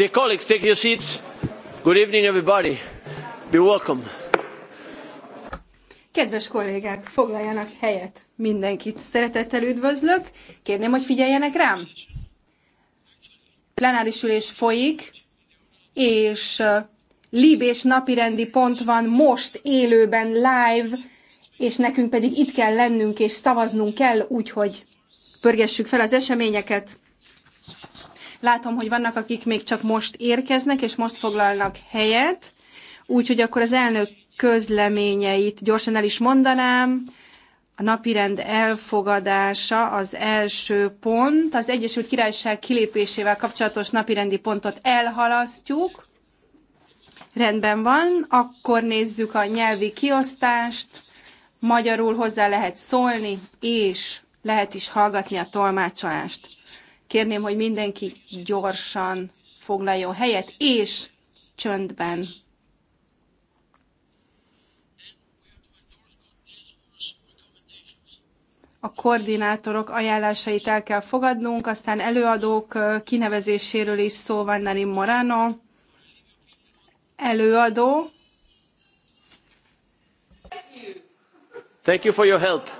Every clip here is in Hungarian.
Dear colleagues, take your seats. Good evening, everybody. Be welcome. Kedves kollégák, foglaljanak helyet. Mindenkit szeretettel üdvözlök. Kérném, hogy figyeljenek rám. Plenáris ülés folyik, és uh, lib és napirendi pont van most élőben live, és nekünk pedig itt kell lennünk és szavaznunk kell, úgyhogy pörgessük fel az eseményeket. Látom, hogy vannak, akik még csak most érkeznek, és most foglalnak helyet, úgyhogy akkor az elnök közleményeit gyorsan el is mondanám. A napirend elfogadása az első pont. Az Egyesült Királyság kilépésével kapcsolatos napirendi pontot elhalasztjuk. Rendben van, akkor nézzük a nyelvi kiosztást. Magyarul hozzá lehet szólni, és lehet is hallgatni a tolmácsolást. Kérném, hogy mindenki gyorsan foglaljon helyet, és csöndben. a koordinátorok ajánlásait el kell fogadnunk, aztán előadók kinevezéséről is szó van Nani Morano, előadó. Thank you for your help.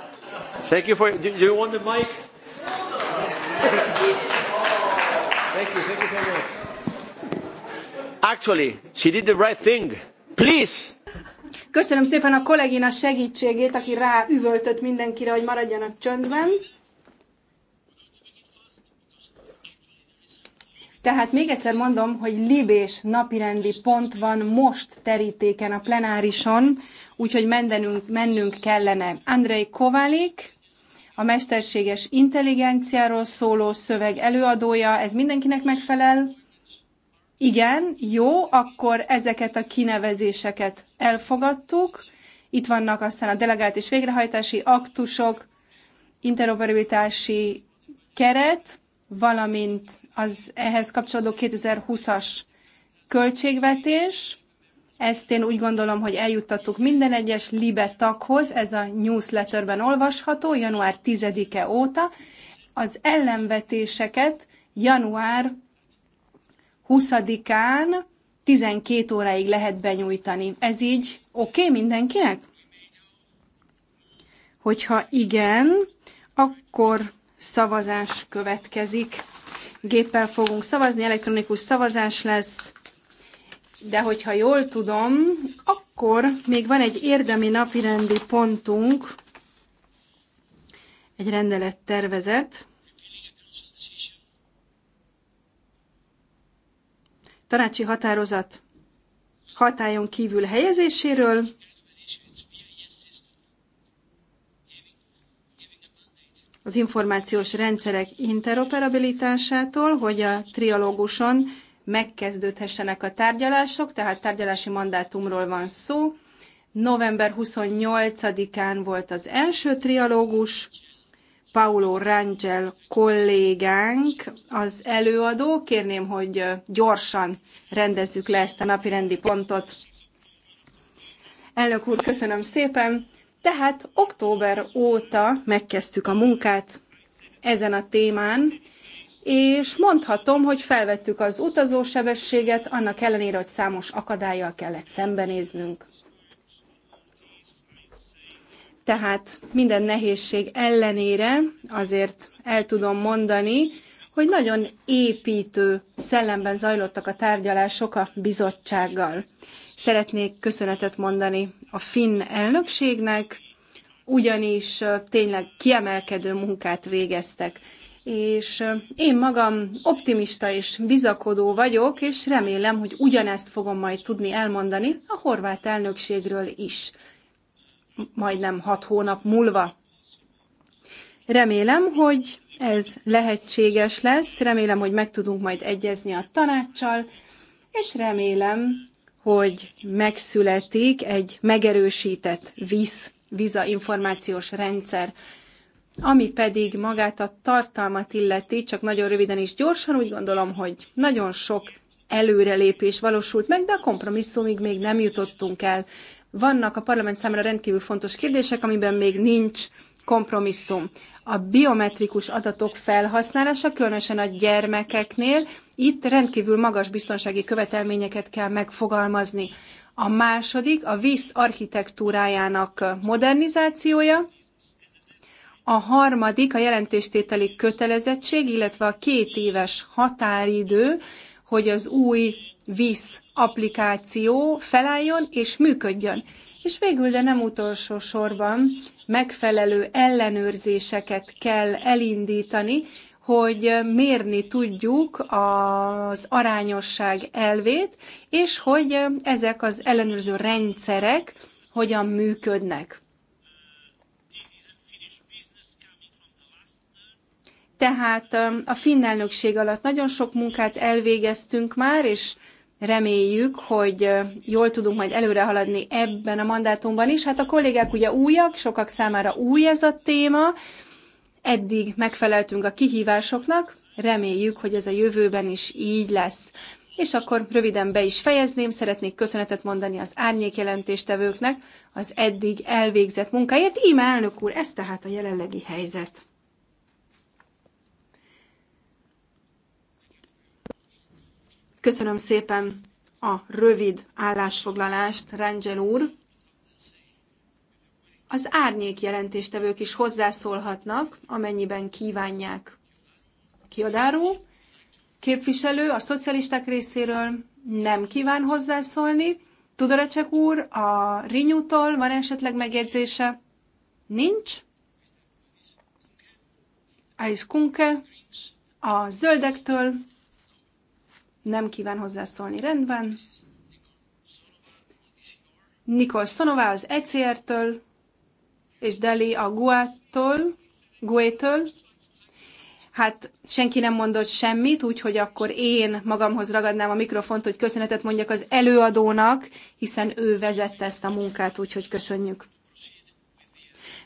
Thank you for, do you want the mic? Actually, she did the right thing. Please! Köszönöm szépen a kollégina segítségét, aki rá üvöltött mindenkire, hogy maradjanak csöndben. Tehát még egyszer mondom, hogy libés napirendi pont van most terítéken a plenárison, úgyhogy mennünk, mennünk kellene. Andrei Kovalik, a mesterséges intelligenciáról szóló szöveg előadója, ez mindenkinek megfelel. Igen, jó, akkor ezeket a kinevezéseket elfogadtuk. Itt vannak aztán a delegált és végrehajtási aktusok, interoperabilitási keret, valamint az ehhez kapcsolódó 2020-as költségvetés. Ezt én úgy gondolom, hogy eljuttattuk minden egyes LIBE taghoz, ez a newsletterben olvasható, január 10-e óta. Az ellenvetéseket január 20-án 12 óráig lehet benyújtani. Ez így oké okay mindenkinek? Hogyha igen, akkor szavazás következik. Géppel fogunk szavazni, elektronikus szavazás lesz, de hogyha jól tudom, akkor még van egy érdemi napirendi pontunk, egy rendelet tervezet, tanácsi határozat hatályon kívül helyezéséről. az információs rendszerek interoperabilitásától, hogy a trialóguson megkezdődhessenek a tárgyalások, tehát tárgyalási mandátumról van szó. November 28-án volt az első trialógus, Paulo Rangel kollégánk az előadó. Kérném, hogy gyorsan rendezzük le ezt a napi rendi pontot. Elnök úr, köszönöm szépen. Tehát október óta megkezdtük a munkát ezen a témán, és mondhatom, hogy felvettük az utazósebességet, annak ellenére, hogy számos akadályjal kellett szembenéznünk. Tehát minden nehézség ellenére azért el tudom mondani, hogy nagyon építő szellemben zajlottak a tárgyalások a bizottsággal. Szeretnék köszönetet mondani a finn elnökségnek, ugyanis tényleg kiemelkedő munkát végeztek. És én magam optimista és bizakodó vagyok, és remélem, hogy ugyanezt fogom majd tudni elmondani a horvát elnökségről is majdnem hat hónap múlva. Remélem, hogy ez lehetséges lesz, remélem, hogy meg tudunk majd egyezni a tanácssal, és remélem, hogy megszületik egy megerősített víz, víza információs rendszer, ami pedig magát a tartalmat illeti, csak nagyon röviden és gyorsan úgy gondolom, hogy nagyon sok előrelépés valósult meg, de a kompromisszumig még nem jutottunk el. Vannak a parlament számára rendkívül fontos kérdések, amiben még nincs kompromisszum. A biometrikus adatok felhasználása, különösen a gyermekeknél, itt rendkívül magas biztonsági követelményeket kell megfogalmazni. A második a víz architektúrájának modernizációja, a harmadik a jelentéstételi kötelezettség, illetve a két éves határidő, hogy az új VISZ applikáció felálljon és működjön. És végül, de nem utolsó sorban megfelelő ellenőrzéseket kell elindítani, hogy mérni tudjuk az arányosság elvét, és hogy ezek az ellenőrző rendszerek hogyan működnek. Tehát a finn elnökség alatt nagyon sok munkát elvégeztünk már, és Reméljük, hogy jól tudunk majd előre haladni ebben a mandátumban is. Hát a kollégák ugye újak, sokak számára új ez a téma. Eddig megfeleltünk a kihívásoknak, reméljük, hogy ez a jövőben is így lesz. És akkor röviden be is fejezném, szeretnék köszönetet mondani az árnyékjelentéstevőknek az eddig elvégzett munkáért. Íme elnök úr, ez tehát a jelenlegi helyzet. Köszönöm szépen a rövid állásfoglalást, Rangel úr. Az árnyék jelentéstevők is hozzászólhatnak, amennyiben kívánják. Kiadáró, képviselő a szocialisták részéről nem kíván hozzászólni. Tudoracsek úr, a Rinyútól van esetleg megjegyzése? Nincs. Ais Kunke, a zöldektől nem kíván hozzászólni. Rendben. Nikol Sonová az ECR-től, és Deli a Guától, Guétől. Hát senki nem mondott semmit, úgyhogy akkor én magamhoz ragadnám a mikrofont, hogy köszönetet mondjak az előadónak, hiszen ő vezette ezt a munkát, úgyhogy köszönjük.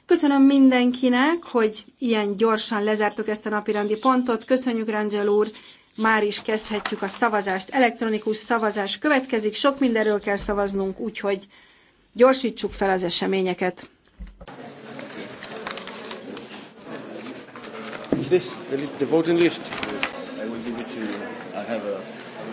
Köszönöm mindenkinek, hogy ilyen gyorsan lezártuk ezt a napirendi pontot. Köszönjük, Rangel úr, már is kezdhetjük a szavazást. Elektronikus szavazás következik, sok mindenről kell szavaznunk, úgyhogy gyorsítsuk fel az eseményeket. This, the, list, the voting list. I will give it to you. I have a,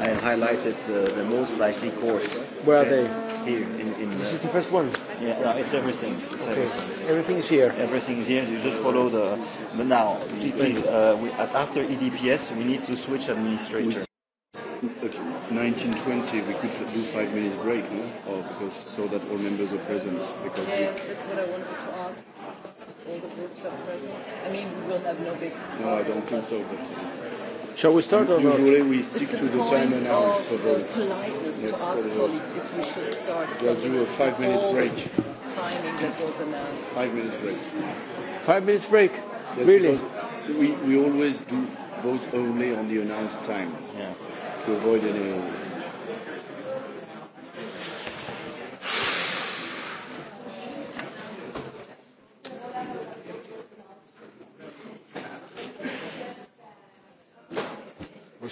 I highlighted uh, the most likely course. Where are they? Here in, in. this is the first one. Yeah, no, it's everything. It's okay. everything. Everything is here. Everything is here. You just follow the. But now, please, uh, we, at, after EDPS, we need to switch administrators. 1920, we could do five minutes break, no? Or oh, because so that all members are present. Because yeah, that's what I wanted to ask. All the groups are present. I mean, we will have no big. No, I don't think so, but. Shall we start? Or Usually we stick to the time announced for the politeness yes, to ask colleagues if we should start. We'll do a five minutes break. Timing that was announced. Five minutes break. Five minutes break? Yes, really? We, we always do vote only on the announced time yeah. to avoid any.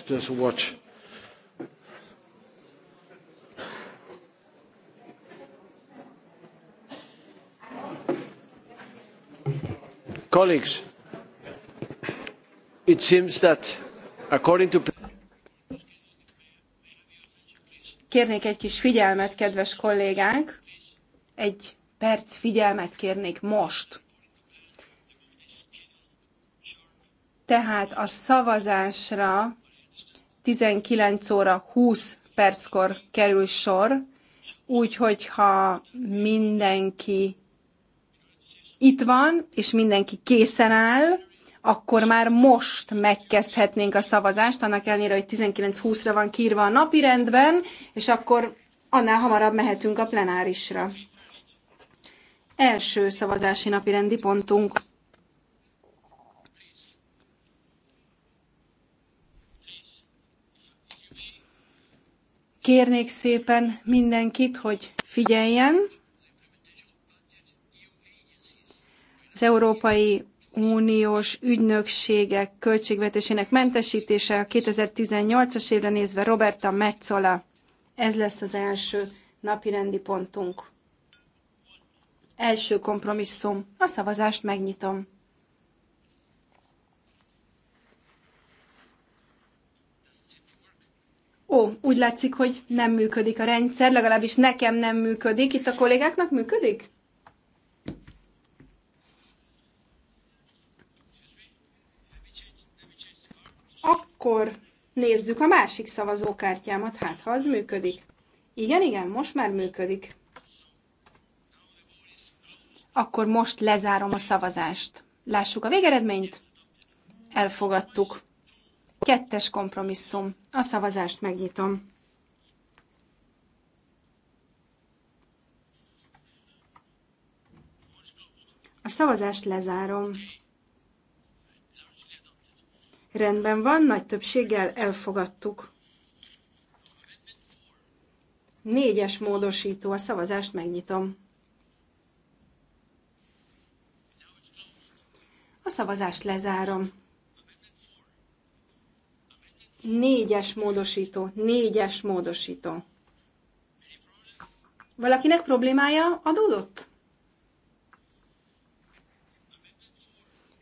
just watch. Colleagues, it seems that according to Kérnék egy kis figyelmet, kedves kollégánk. Egy perc figyelmet kérnék most. Tehát a szavazásra 19 óra 20 perckor kerül sor, úgyhogy ha mindenki itt van, és mindenki készen áll, akkor már most megkezdhetnénk a szavazást, annak ellenére, hogy 19.20-ra van kírva a napi rendben, és akkor annál hamarabb mehetünk a plenárisra. Első szavazási napi rendi pontunk. Kérnék szépen mindenkit, hogy figyeljen. Az Európai Uniós ügynökségek költségvetésének mentesítése a 2018-as évre nézve Roberta Metzola. Ez lesz az első napi rendi pontunk. Első kompromisszum. A szavazást megnyitom. Ó, úgy látszik, hogy nem működik a rendszer, legalábbis nekem nem működik. Itt a kollégáknak működik? Akkor nézzük a másik szavazókártyámat, hát ha az működik. Igen, igen, most már működik. Akkor most lezárom a szavazást. Lássuk a végeredményt. Elfogadtuk. Kettes kompromisszum. A szavazást megnyitom. A szavazást lezárom. Rendben van, nagy többséggel elfogadtuk. Négyes módosító, a szavazást megnyitom. A szavazást lezárom. Négyes módosító, négyes módosító. Valakinek problémája adódott?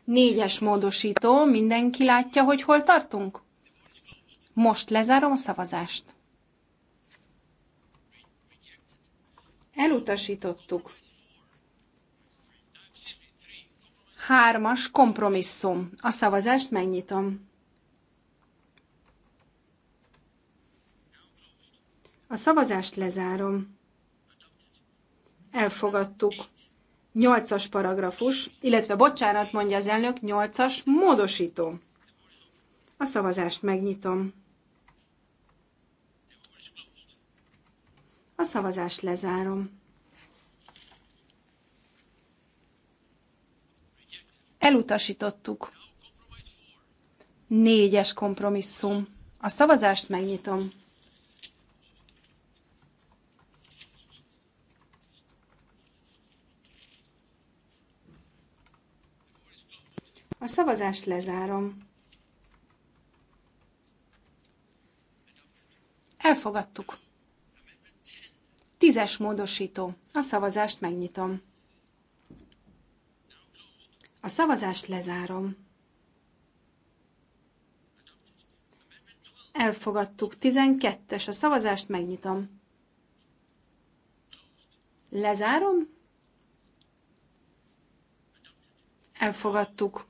Négyes módosító, mindenki látja, hogy hol tartunk? Most lezárom a szavazást. Elutasítottuk. Hármas kompromisszum. A szavazást megnyitom. A szavazást lezárom. Elfogadtuk. Nyolcas paragrafus, illetve bocsánat, mondja az elnök, Nyolcas. módosító. A szavazást megnyitom. A szavazást lezárom. Elutasítottuk. Négyes kompromisszum. A szavazást megnyitom. A szavazást lezárom. Elfogadtuk. Tízes módosító. A szavazást megnyitom. A szavazást lezárom. Elfogadtuk. Tizenkettes. A szavazást megnyitom. Lezárom. Elfogadtuk.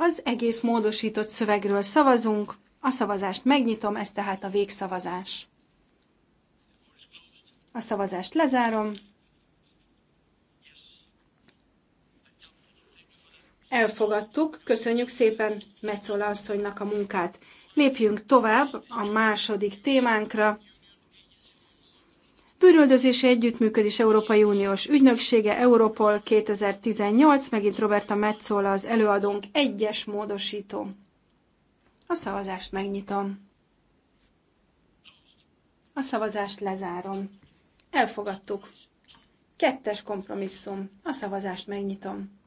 Az egész módosított szövegről szavazunk, a szavazást megnyitom, ez tehát a végszavazás. A szavazást lezárom. Elfogadtuk, köszönjük szépen Metzola asszonynak a munkát. Lépjünk tovább a második témánkra, Bűnöldözési együttműködés Európai Uniós ügynöksége, Europol 2018, megint Roberta Metzola az előadónk, egyes módosító. A szavazást megnyitom. A szavazást lezárom. Elfogadtuk. Kettes kompromisszum. A szavazást megnyitom.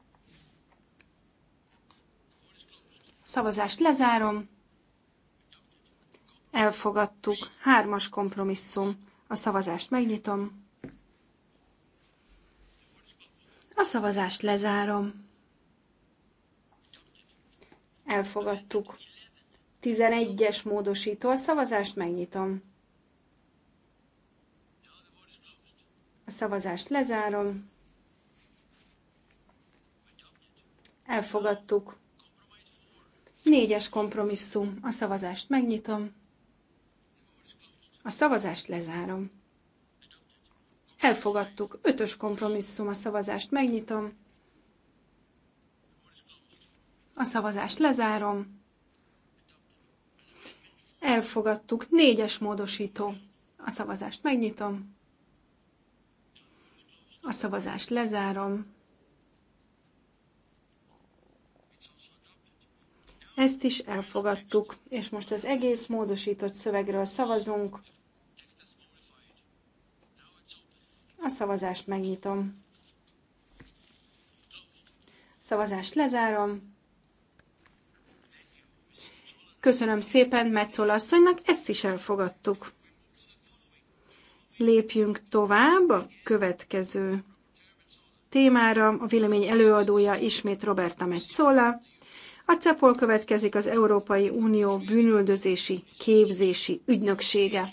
Szavazást lezárom. Elfogadtuk. Hármas kompromisszum. A szavazást megnyitom. A szavazást lezárom. Elfogadtuk. 11-es módosító. A szavazást megnyitom. A szavazást lezárom. Elfogadtuk. Négyes kompromisszum. A szavazást megnyitom. A szavazást lezárom. Elfogadtuk. Ötös kompromisszum a szavazást. Megnyitom. A szavazást lezárom. Elfogadtuk. Négyes módosító. A szavazást megnyitom. A szavazást lezárom. Ezt is elfogadtuk, és most az egész módosított szövegről szavazunk. A szavazást megnyitom. Szavazást lezárom. Köszönöm szépen Metszol asszonynak, ezt is elfogadtuk. Lépjünk tovább a következő témára. A vélemény előadója ismét Roberta Metzola. A CEPOL következik az Európai Unió bűnüldözési képzési ügynöksége.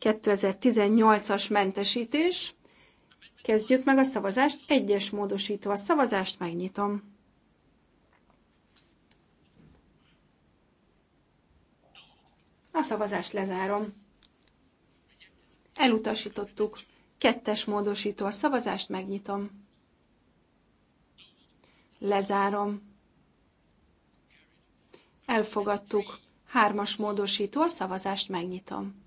2018-as mentesítés. Kezdjük meg a szavazást. Egyes módosító a szavazást, megnyitom. A szavazást lezárom. Elutasítottuk. Kettes módosító a szavazást, megnyitom. Lezárom. Elfogadtuk. Hármas módosító, a szavazást megnyitom.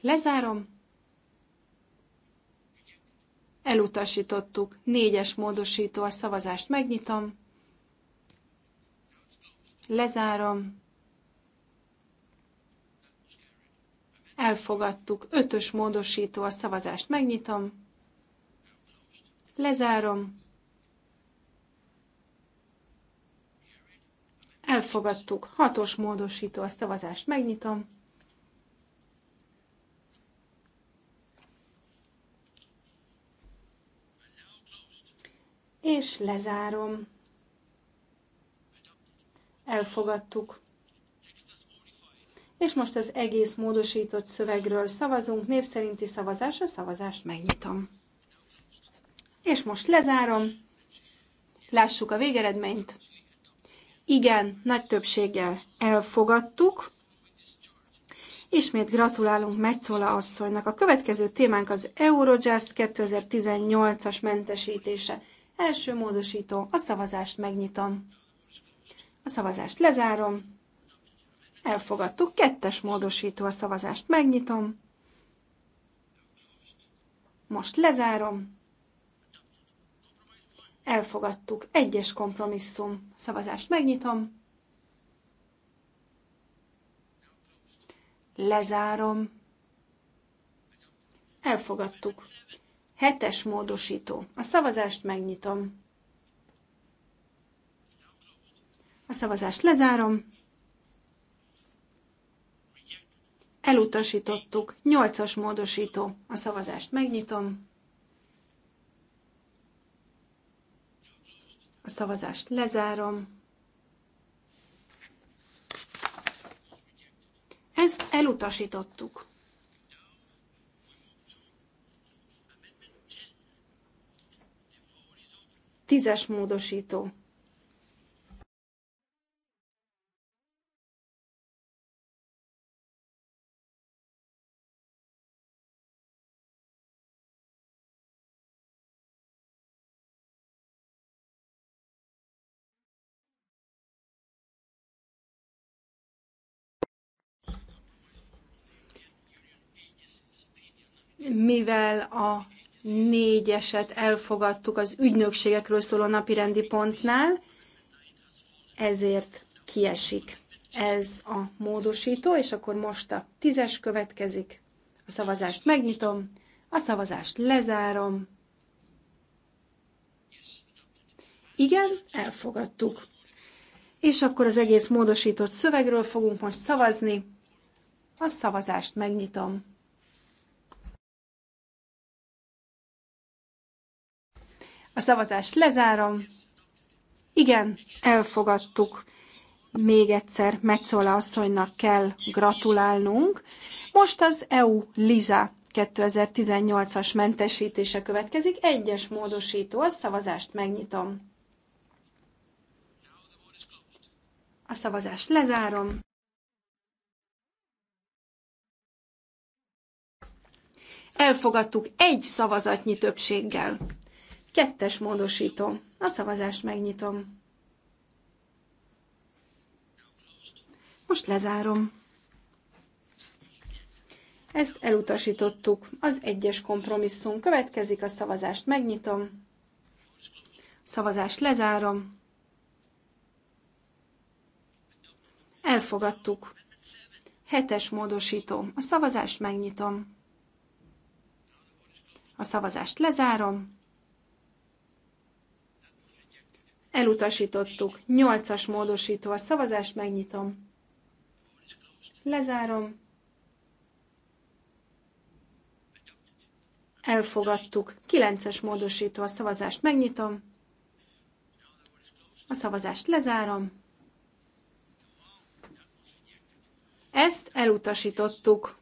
Lezárom. Elutasítottuk. Négyes módosító, a szavazást megnyitom. Lezárom. Elfogadtuk. Ötös módosító, a szavazást megnyitom. Lezárom. Elfogadtuk. Hatos módosító a szavazást. Megnyitom. És lezárom. Elfogadtuk. És most az egész módosított szövegről szavazunk. Név szerinti szavazás, a szavazást megnyitom. És most lezárom. Lássuk a végeredményt. Igen, nagy többséggel elfogadtuk. Ismét gratulálunk Metzola asszonynak. A következő témánk az Eurojust 2018-as mentesítése. Első módosító, a szavazást megnyitom. A szavazást lezárom. Elfogadtuk. Kettes módosító, a szavazást megnyitom. Most lezárom. Elfogadtuk. Egyes kompromisszum. Szavazást megnyitom. Lezárom. Elfogadtuk. Hetes módosító. A szavazást megnyitom. A szavazást lezárom. Elutasítottuk. Nyolcas módosító. A szavazást megnyitom. A szavazást lezárom. Ezt elutasítottuk. Tízes módosító. mivel a négyeset elfogadtuk az ügynökségekről szóló napirendi pontnál, ezért kiesik ez a módosító, és akkor most a tízes következik. A szavazást megnyitom, a szavazást lezárom. Igen, elfogadtuk. És akkor az egész módosított szövegről fogunk most szavazni. A szavazást megnyitom. A szavazást lezárom. Igen, elfogadtuk. Még egyszer Metzola asszonynak kell gratulálnunk. Most az EU Liza 2018-as mentesítése következik. Egyes módosító, a szavazást megnyitom. A szavazást lezárom. Elfogadtuk egy szavazatnyi többséggel. Kettes módosító. A szavazást megnyitom. Most lezárom. Ezt elutasítottuk. Az egyes kompromisszum következik, a szavazást megnyitom. Szavazást lezárom. Elfogadtuk. Hetes módosító. A szavazást megnyitom. A szavazást lezárom. Elutasítottuk. Nyolcas módosító. A szavazást megnyitom. Lezárom. Elfogadtuk. Kilences módosító. A szavazást megnyitom. A szavazást lezárom. Ezt elutasítottuk.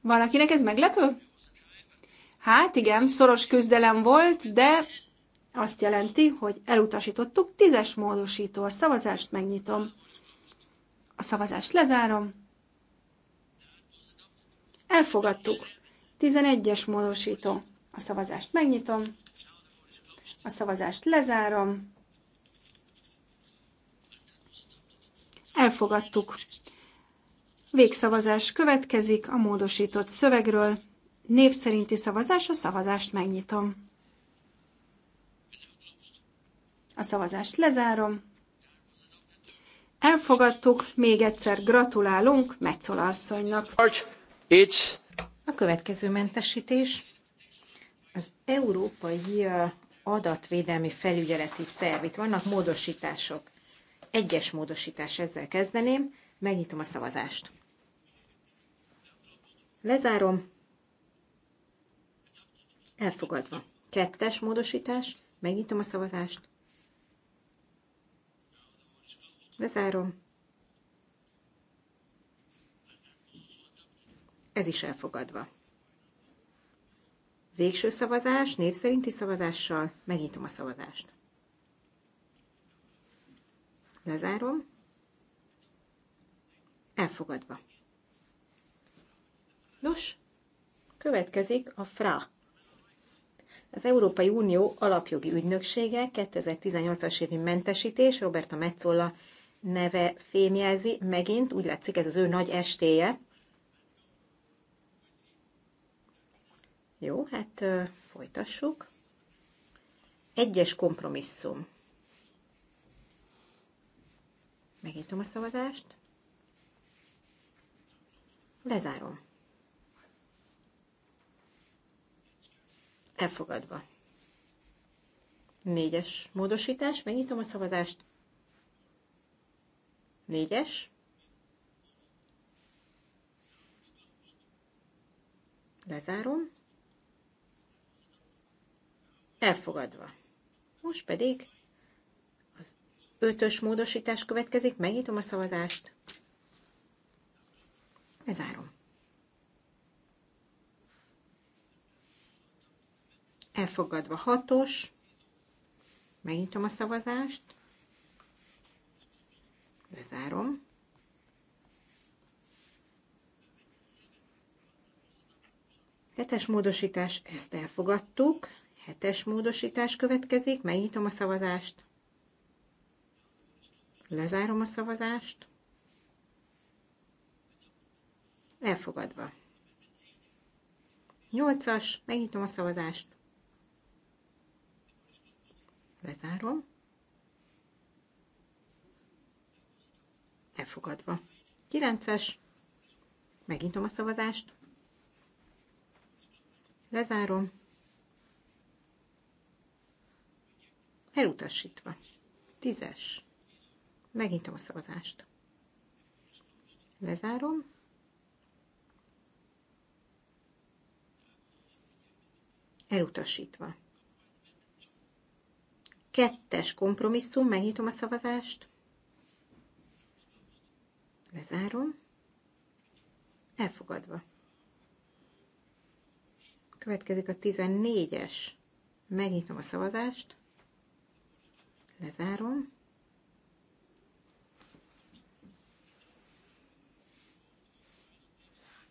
Valakinek ez meglepő? Hát igen, szoros küzdelem volt, de azt jelenti, hogy elutasítottuk. Tízes módosító. A szavazást megnyitom. A szavazást lezárom. Elfogadtuk. 11-es módosító. A szavazást megnyitom. A szavazást lezárom. Elfogadtuk. Végszavazás következik a módosított szövegről. Név szerinti szavazás, a szavazást megnyitom. A szavazást lezárom. Elfogadtuk, még egyszer gratulálunk Metzola asszonynak. A következő mentesítés az Európai uh, Adatvédelmi Felügyeleti Szerv. Itt vannak módosítások. Egyes módosítás, ezzel kezdeném. Megnyitom a szavazást. Lezárom. Elfogadva. Kettes módosítás. Megnyitom a szavazást. Lezárom. Ez is elfogadva. Végső szavazás, név szerinti szavazással megnyitom a szavazást. Lezárom. Elfogadva. Nos, következik a FRA az Európai Unió alapjogi ügynöksége 2018-as évi mentesítés, Roberta Metzola neve fémjelzi, megint úgy látszik ez az ő nagy estéje. Jó, hát folytassuk. Egyes kompromisszum. Megnyitom a szavazást. Lezárom. Elfogadva. Négyes módosítás. Megnyitom a szavazást. Négyes. Lezárom. Elfogadva. Most pedig az ötös módosítás következik. Megnyitom a szavazást. Lezárom. elfogadva hatos, megnyitom a szavazást, bezárom, Hetes módosítás, ezt elfogadtuk. Hetes módosítás következik, megnyitom a szavazást. Lezárom a szavazást. Elfogadva. Nyolcas, megnyitom a szavazást. Lezárom. Elfogadva. 9-es. Megintom a szavazást. Lezárom. Elutasítva. 10-es. Megintom a szavazást. Lezárom. Elutasítva. Kettes kompromisszum, megnyitom a szavazást. Lezárom. Elfogadva. Következik a 14-es. Megnyitom a szavazást. Lezárom.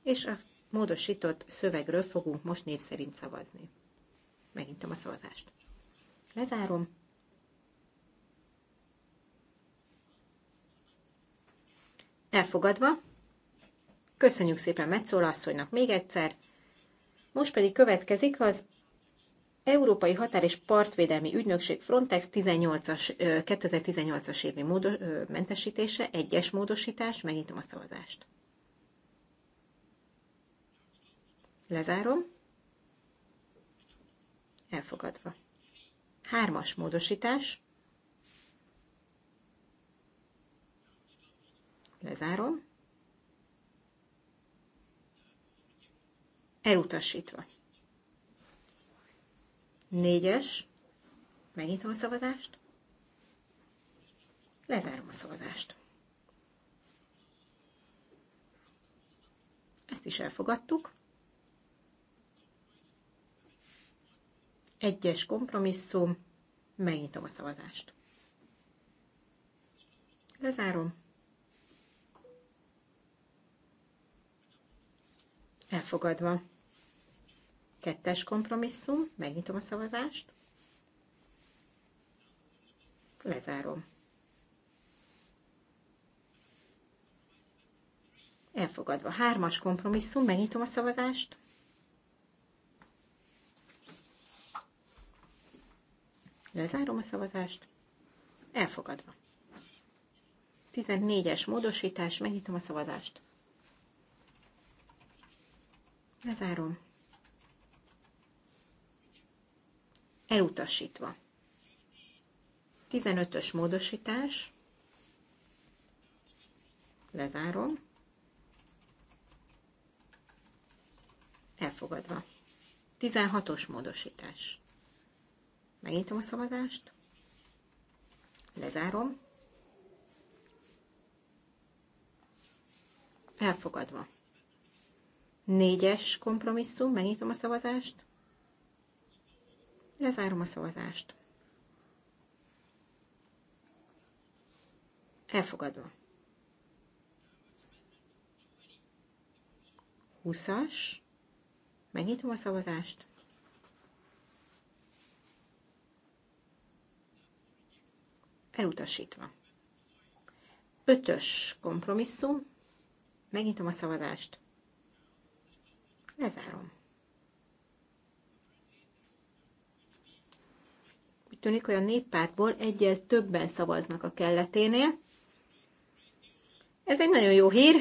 És a módosított szövegről fogunk most név szerint szavazni. Megintem a szavazást. Lezárom. Elfogadva. Köszönjük szépen Metzola asszonynak még egyszer. Most pedig következik az Európai Határ és Partvédelmi Ügynökség Frontex 18-as, 2018-as évi módos, mentesítése, egyes módosítás, megnyitom a szavazást. Lezárom. Elfogadva. Hármas módosítás. Lezárom. Elutasítva. Négyes. Megnyitom a szavazást. Lezárom a szavazást. Ezt is elfogadtuk. Egyes kompromisszum. Megnyitom a szavazást. Lezárom. Elfogadva. Kettes kompromisszum. Megnyitom a szavazást. Lezárom. Elfogadva. Hármas kompromisszum. Megnyitom a szavazást. Lezárom a szavazást. Elfogadva. 14-es módosítás. Megnyitom a szavazást. Lezárom. Elutasítva. 15-ös módosítás. Lezárom. Elfogadva. 16-os módosítás. Megnyitom a szavazást. Lezárom. Elfogadva. Négyes kompromisszum, megnyitom a szavazást. Lezárom a szavazást. Elfogadva. 20-as. Megnyitom a szavazást. Elutasítva. 5-ös kompromisszum. Megnyitom a szavazást. Lezárom. Úgy tűnik, hogy a néppártból egyel többen szavaznak a kelleténél. Ez egy nagyon jó hír.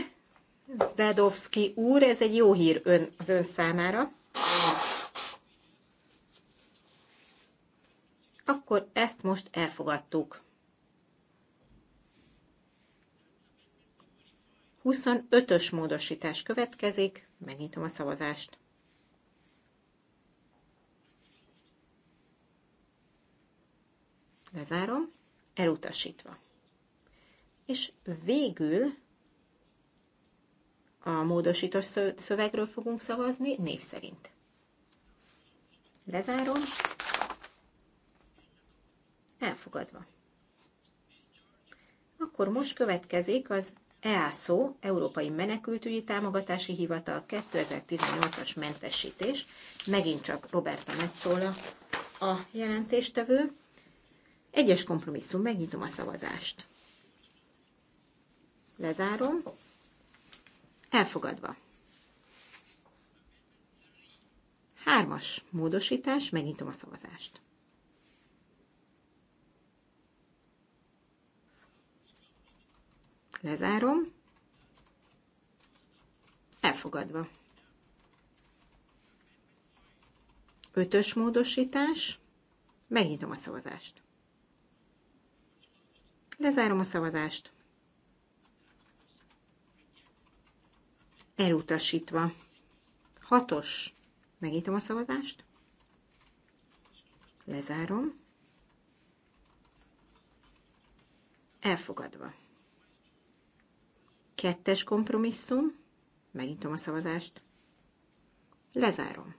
Zdedovski úr, ez egy jó hír ön, az ön számára. Akkor ezt most elfogadtuk. 25-ös módosítás következik, megnyitom a szavazást. Lezárom, elutasítva. És végül a módosítós szövegről fogunk szavazni név szerint. Lezárom. Elfogadva. Akkor most következik az EASO, Európai Menekültügyi Támogatási Hivatal 2018-as mentesítés, megint csak Roberta Metzola a jelentéstevő. Egyes kompromisszum, megnyitom a szavazást. Lezárom. Elfogadva. Hármas módosítás, megnyitom a szavazást. Lezárom. Elfogadva. Ötös módosítás. Megnyitom a szavazást. Lezárom a szavazást. Elutasítva. Hatos. Megnyitom a szavazást. Lezárom. Elfogadva. Kettes kompromisszum. megintom a szavazást. Lezárom.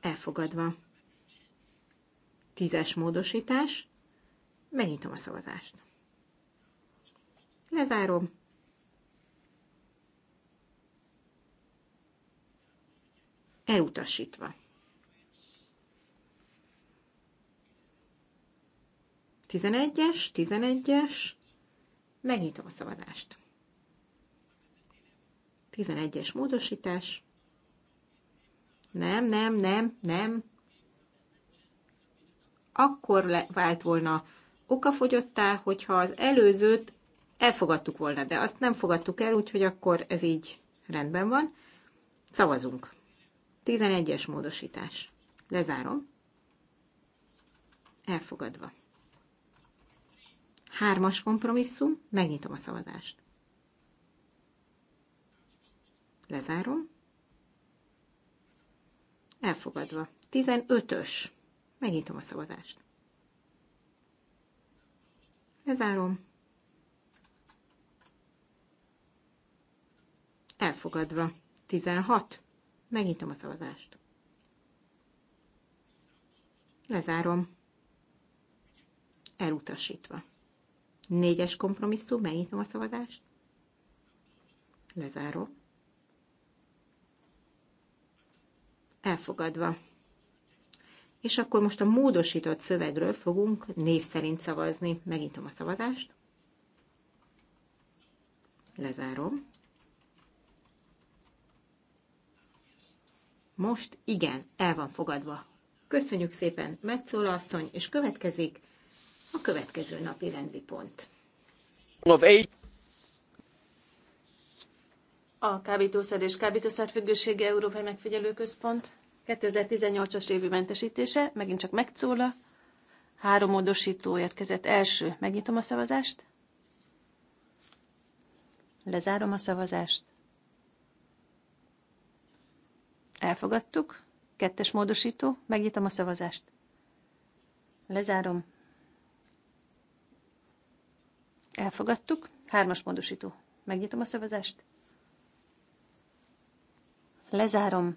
Elfogadva. Tízes módosítás. Megnyitom a szavazást. Lezárom. Elutasítva. 11-es, 11-es, megnyitom a szavazást. 11-es módosítás. Nem, nem, nem, nem. Akkor le, vált volna okafogyottá, hogyha az előzőt elfogadtuk volna, de azt nem fogadtuk el, úgyhogy akkor ez így rendben van. Szavazunk. 11-es módosítás. Lezárom. Elfogadva. Hármas kompromisszum, megnyitom a szavazást. Lezárom. Elfogadva. 15-ös. Megnyitom a szavazást. Lezárom. Elfogadva. 16. Megnyitom a szavazást. Lezárom. Elutasítva. Négyes kompromisszum, megnyitom a szavazást. Lezárom. Elfogadva. És akkor most a módosított szövegről fogunk név szerint szavazni. Megnyitom a szavazást. Lezárom. Most igen, el van fogadva. Köszönjük szépen Metszóla asszony, és következik a következő napi rendi pont. A kábítószer és kábítószer függősége Európai Megfigyelő Központ 2018-as évi mentesítése, megint csak megszóla. Három módosító érkezett. Első, megnyitom a szavazást. Lezárom a szavazást. Elfogadtuk. Kettes módosító. Megnyitom a szavazást. Lezárom. Elfogadtuk. Hármas módosító. Megnyitom a szavazást. Lezárom.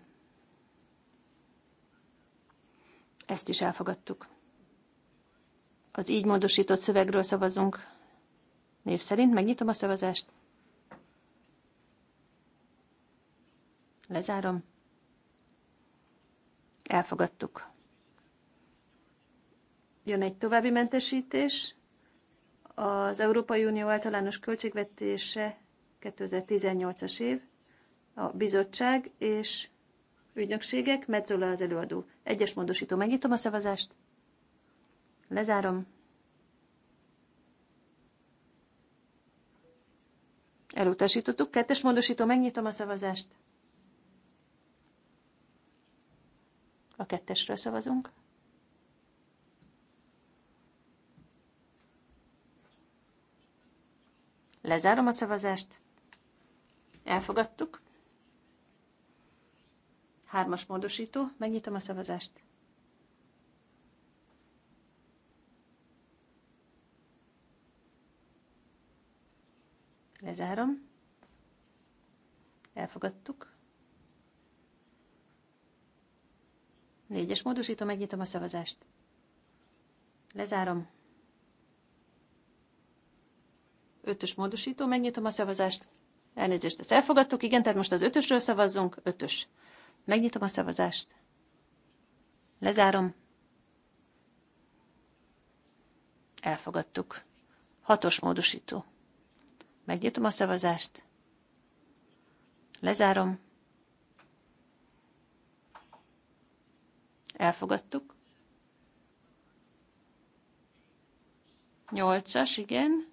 Ezt is elfogadtuk. Az így módosított szövegről szavazunk. Név szerint megnyitom a szavazást. Lezárom. Elfogadtuk. Jön egy további mentesítés. Az Európai Unió általános költségvetése 2018-as év, a bizottság és ügynökségek, Metzola az előadó. Egyes módosító, megnyitom a szavazást, lezárom. Elutasítottuk. Kettes módosító, megnyitom a szavazást. A kettesről szavazunk. Lezárom a szavazást. Elfogadtuk. Hármas módosító. Megnyitom a szavazást. Lezárom. Elfogadtuk. Négyes módosító, megnyitom a szavazást. Lezárom. Ötös módosító, megnyitom a szavazást. Elnézést, ezt elfogadtuk. Igen, tehát most az ötösről szavazzunk. Ötös. Megnyitom a szavazást. Lezárom. Elfogadtuk. Hatos módosító. Megnyitom a szavazást. Lezárom. Elfogadtuk. Nyolcas, igen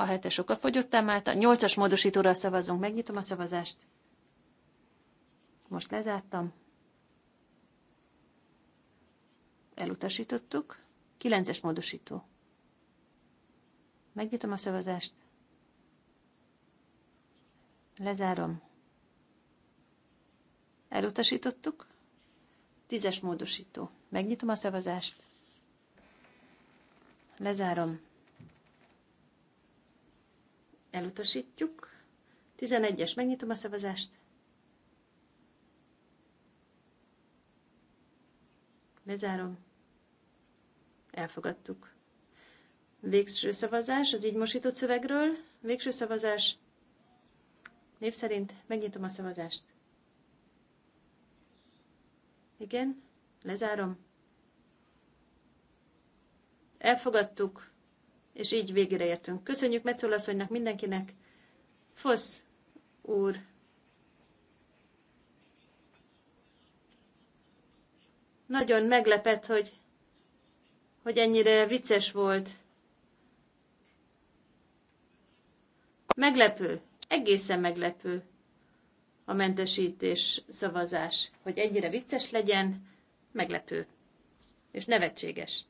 a hetes oka fogyottá a nyolcas módosítóra szavazunk, megnyitom a szavazást. Most lezártam. Elutasítottuk. Kilences módosító. Megnyitom a szavazást. Lezárom. Elutasítottuk. Tízes módosító. Megnyitom a szavazást. Lezárom. Elutasítjuk. 11-es, megnyitom a szavazást. Lezárom. Elfogadtuk. Végső szavazás az így mosított szövegről. Végső szavazás. Név szerint megnyitom a szavazást. Igen, lezárom. Elfogadtuk és így végére értünk. Köszönjük Metszolaszonynak mindenkinek. Fosz úr. Nagyon meglepett, hogy, hogy ennyire vicces volt. Meglepő, egészen meglepő a mentesítés szavazás. Hogy ennyire vicces legyen, meglepő és nevetséges.